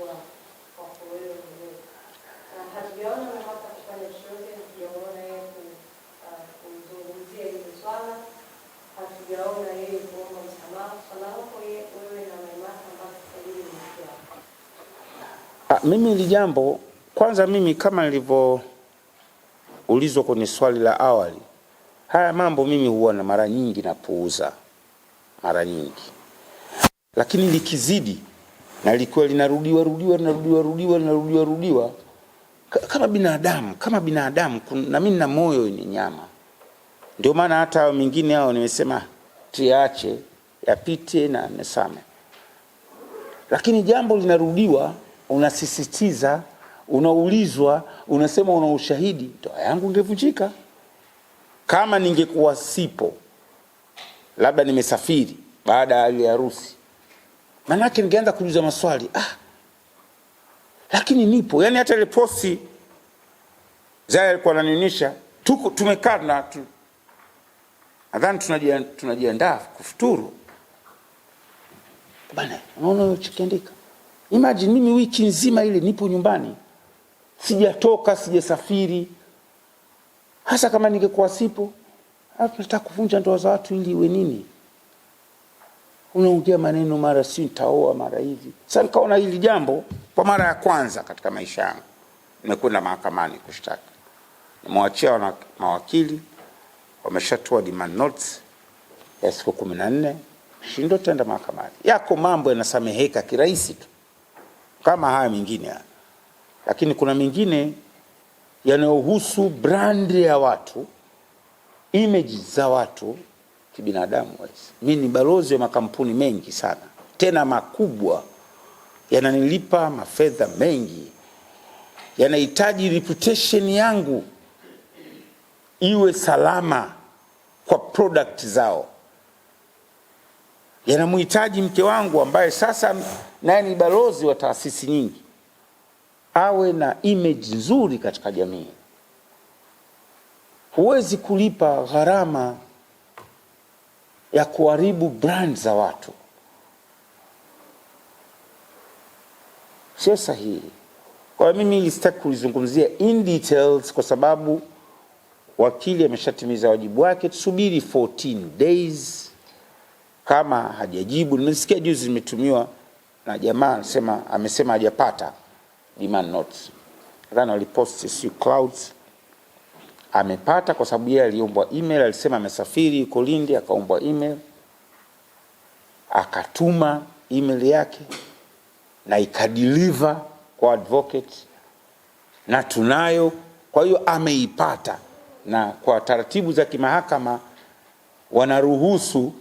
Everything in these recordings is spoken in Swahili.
kuwa mwenyewe, na hatujaona kufanya chochote, hatujaona yeye kuzungumzia hili swala, hatujaona yeye kuomba msamaha. Swala wewe na mimi ili jambo kwanza, mimi kama nilivyoulizwa kwenye swali la awali, haya mambo mimi huona mara nyingi napuuza mara nyingi, lakini likizidi na lilikuwa linarudiwa rudiwa linarudiwa rudiwa linarudiwa rudiwa kama binadamu kama binadamu. Na mimi na moyo ni nyama, ndio maana hata mingine hao nimesema tiache yapite na mesame, lakini jambo linarudiwa, unasisitiza, unaulizwa, unasema, una ushahidi. Ndoa yangu ingevunjika kama ningekuwa sipo, labda nimesafiri baada ya harusi Manake ningeanza kujuza maswali ah, lakini nipo yani, hata ile posti Zaya alikuwa ananionyesha, tuko tumekaa na tu, nadhani tunajiandaa tunajiandaa kufuturu bana, unaona chikiandika. Imagine mimi wiki nzima ile nipo nyumbani, sijatoka, sijasafiri. Hasa kama ningekuwa sipo, hata kuvunja ndoa za watu ili iwe nini? unaongea maneno mara si ntaoa mara hivi. Sasa nikaona hili jambo kwa mara ya kwanza katika maisha yangu, nimekwenda mahakamani kushtaki, nimewachia wana mawakili wameshatoa demand notes ya siku kumi na nne shindo tenda mahakamani. Yako mambo yanasameheka kirahisi tu kama haya mengine lakini kuna mengine yanayohusu brandi ya watu, image za watu kibinadamu. Mimi ni balozi wa makampuni mengi sana tena makubwa, yananilipa mafedha mengi, yanahitaji reputation yangu iwe salama kwa product zao, yanamhitaji mke wangu ambaye sasa naye ni balozi wa taasisi nyingi, awe na image nzuri katika jamii. Huwezi kulipa gharama ya kuharibu brand za watu, sio sahihi. Kwa hiyo mimi sitaki kulizungumzia in details kwa sababu wakili ameshatimiza wajibu wake, tusubiri 14 days kama hajajibu. Nimesikia juzi zimetumiwa na jamaa anasema, amesema hajapata demand notes, nadhani waliposti si clouds amepata kwa sababu yeye aliombwa email, alisema amesafiri yuko Lindi, akaombwa email akatuma email yake na ikadiliva kwa advocate na tunayo. Kwa hiyo ameipata, na kwa taratibu za kimahakama wanaruhusu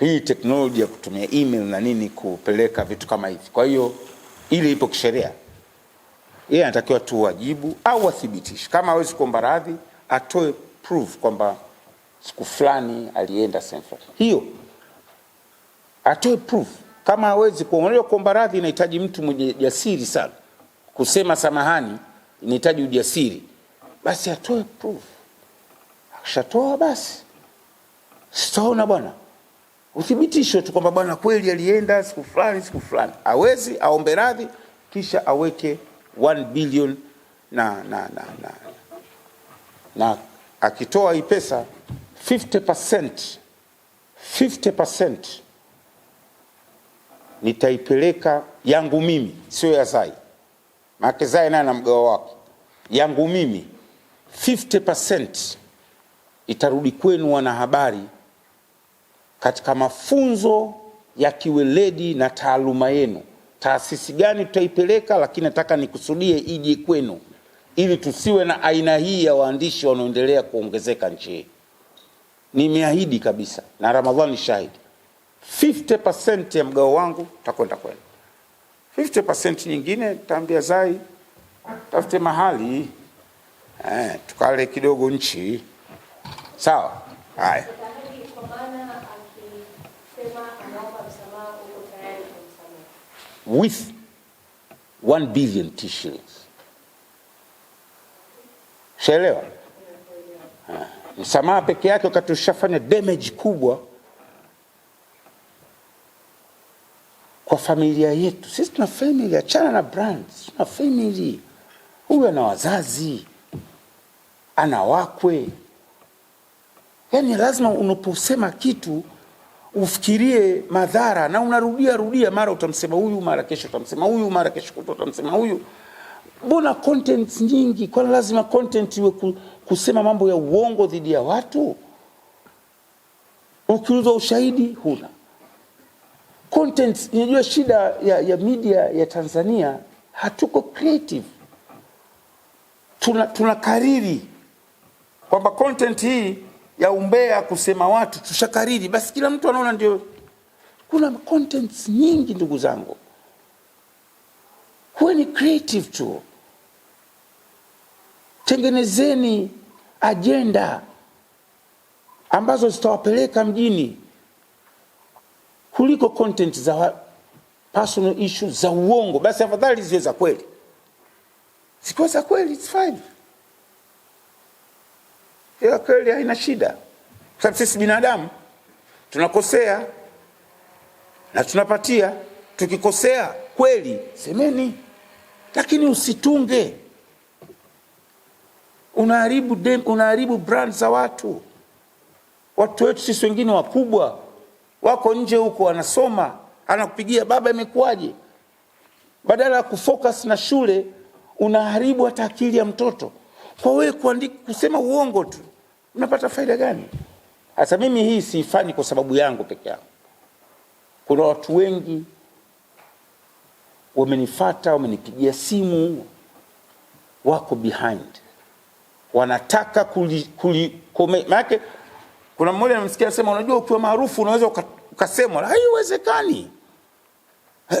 hii teknolojia ya kutumia email na nini kupeleka vitu kama hivi. Kwa hiyo ile ipo kisheria yeye anatakiwa tu wajibu au athibitishe. Kama hawezi kuomba radhi, atoe proof kwamba siku fulani alienda sehemu hiyo atoe proof. Kama hawezi kuomba kuomba radhi inahitaji mtu mwenye jasiri sana, kusema samahani inahitaji ujasiri, basi atoe proof. Akishatoa basi sitaona bwana, uthibitisho tu kwamba bwana kweli alienda siku fulani siku fulani, awezi aombe radhi, kisha aweke 1 billion na, na, na, na, na akitoa hii pesa 50%, 50% nitaipeleka yangu mimi, sio ya Zai, maana Zai naye na mgao wake. Yangu mimi 50% itarudi kwenu wanahabari, katika mafunzo ya kiweledi na taaluma yenu taasisi gani tutaipeleka, lakini nataka nikusudie ije kwenu ili tusiwe na aina hii ya waandishi wanaoendelea kuongezeka nchi hii. Nimeahidi kabisa na Ramadhani shahidi, 50% ya mgao wangu takwenda kwenu, 50% nyingine taambia Zai tafute mahali eh, tukale kidogo nchi. Sawa, haya. with 1 billion t Shaelewa? Msamaha ah, peke yake wakati ushafanya damage kubwa kwa familia yetu. Sisi tuna family, achana na brands, tuna family. Huyu ana wazazi, ana wakwe, yaani lazima unaposema kitu ufikirie madhara, na unarudia rudia, mara utamsema huyu, mara kesho utamsema huyu, mara kesho kutwa utamsema huyu. Mbona content nyingi? Kwani lazima content iwe kusema mambo ya uongo dhidi ya watu? ukiuzwa ushahidi huna content. inajua shida ya, ya media ya Tanzania, hatuko creative, tuna, tuna kariri kwamba content hii ya umbea kusema watu tushakariri, basi kila mtu anaona ndio. Kuna contents nyingi ndugu zangu, ni creative tu, tengenezeni ajenda ambazo zitawapeleka mjini kuliko content za personal issues za uongo. Basi afadhali ziwe za kweli, zikiwa za kweli it's fine ya kweli haina shida, kwa sababu sisi binadamu tunakosea na tunapatia. Tukikosea kweli, semeni, lakini usitunge, unaharibu dem, unaharibu brand za watu. Watu wetu sisi wengine wakubwa wako nje huko wanasoma, anakupigia baba, imekuwaje? Badala ya kufocus na shule, unaharibu hata akili ya mtoto kwa wewe kuandika kusema uongo tu mnapata faida gani? Hasa mimi hii siifanyi kwa sababu yangu peke yangu. Kuna watu wengi wamenifata, wamenipigia simu, wako behind, wanataka kuli, kuli maanake kuna mmoja namsikia sema unajua ukiwa maarufu unaweza ukasemwa. Haiwezekani,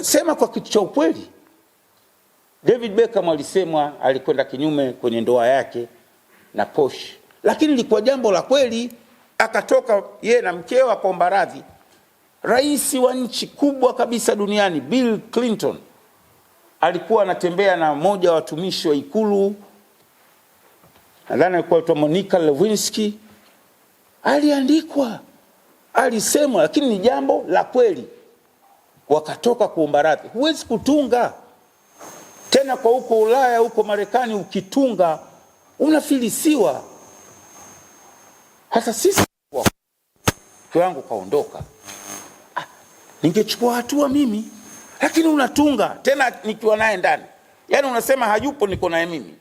sema kwa kitu cha ukweli. David Beckham alisemwa, alikwenda kinyume kwenye ndoa yake na Porsche lakini lilikuwa jambo la kweli. Akatoka ye na mkeo akaomba radhi. Rais wa nchi kubwa kabisa duniani Bill Clinton alikuwa anatembea na mmoja wa watumishi wa Ikulu, nadhani alikuwa aitwa Monica Lewinsky, aliandikwa, alisemwa, lakini ni jambo la kweli. Wakatoka kuomba radhi. Huwezi kutunga tena kwa huko Ulaya, huko Marekani, ukitunga unafilisiwa. Hasa sisi mke wangu kaondoka, ah, ningechukua hatua mimi, lakini unatunga tena nikiwa naye ndani, yaani unasema hayupo, niko naye mimi,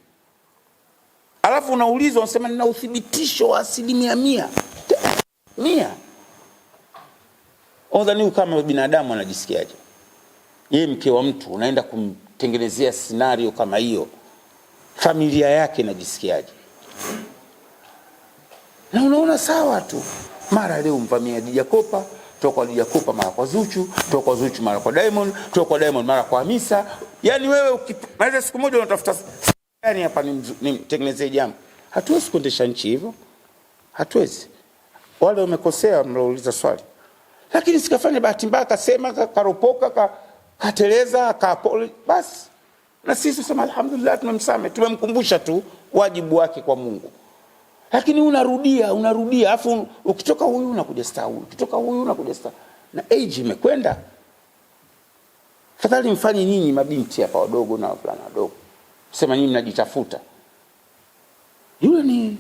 alafu unauliza unasema nina uthibitisho wa asilimia mia mia. Odhani kama binadamu anajisikiaje? Yeye mke wa mtu unaenda kumtengenezea scenario kama hiyo, familia yake inajisikiaje? na unaona sawa tu, mara leo mvamia Dija Kopa, toka kwa Dija Kopa mara kwa Zuchu, toka kwa Zuchu mara kwa Diamond, toka kwa Diamond mara kwa Hamisa. Yani wewe unaweza siku moja unatafuta gani hapa nimtengenezee jambo. Hatuwezi kuendesha nchi hivyo, hatuwezi. Wale wamekosea mlauliza swali, lakini sikafanya bahati mbaya, kasema karopoka, ka, kateleza, kapole, basi na sisi tusema alhamdulillah, tumemsame, tumemkumbusha tu wajibu wake kwa Mungu lakini unarudia unarudia, alafu ukitoka huyu unakuja star huyu, ukitoka huyu unakuja star, na age imekwenda. Fadhali mfanye nyinyi mabinti hapa wadogo na wavulana wadogo, sema nyinyi mnajitafuta, yule ni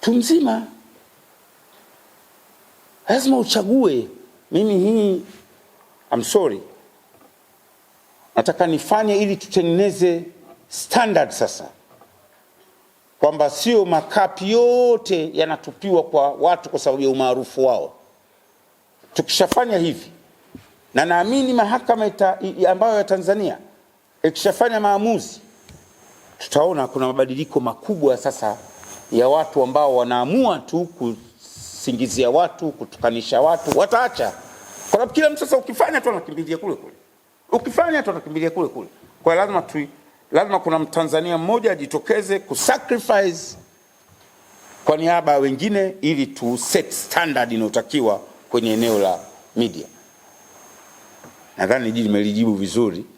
mtu mzima, lazima uchague. Mimi hii I'm sorry, nataka nifanye ili tutengeneze standard sasa kwamba sio makapi yote yanatupiwa kwa watu kwa sababu ya umaarufu wao. Tukishafanya hivi, na naamini mahakama ambayo ya Tanzania ikishafanya maamuzi, tutaona kuna mabadiliko makubwa sasa ya watu ambao wanaamua tu kusingizia watu, kutukanisha watu, wataacha kwa sababu kila mtu sasa, ukifanya tu anakimbilia kule kule, ukifanya tu anakimbilia kule kule, kwa lazima tu lazima kuna Mtanzania mmoja ajitokeze kusacrifice kwa niaba ya wengine ili tu set standard inayotakiwa kwenye eneo la media. Nadhani hili nimelijibu vizuri.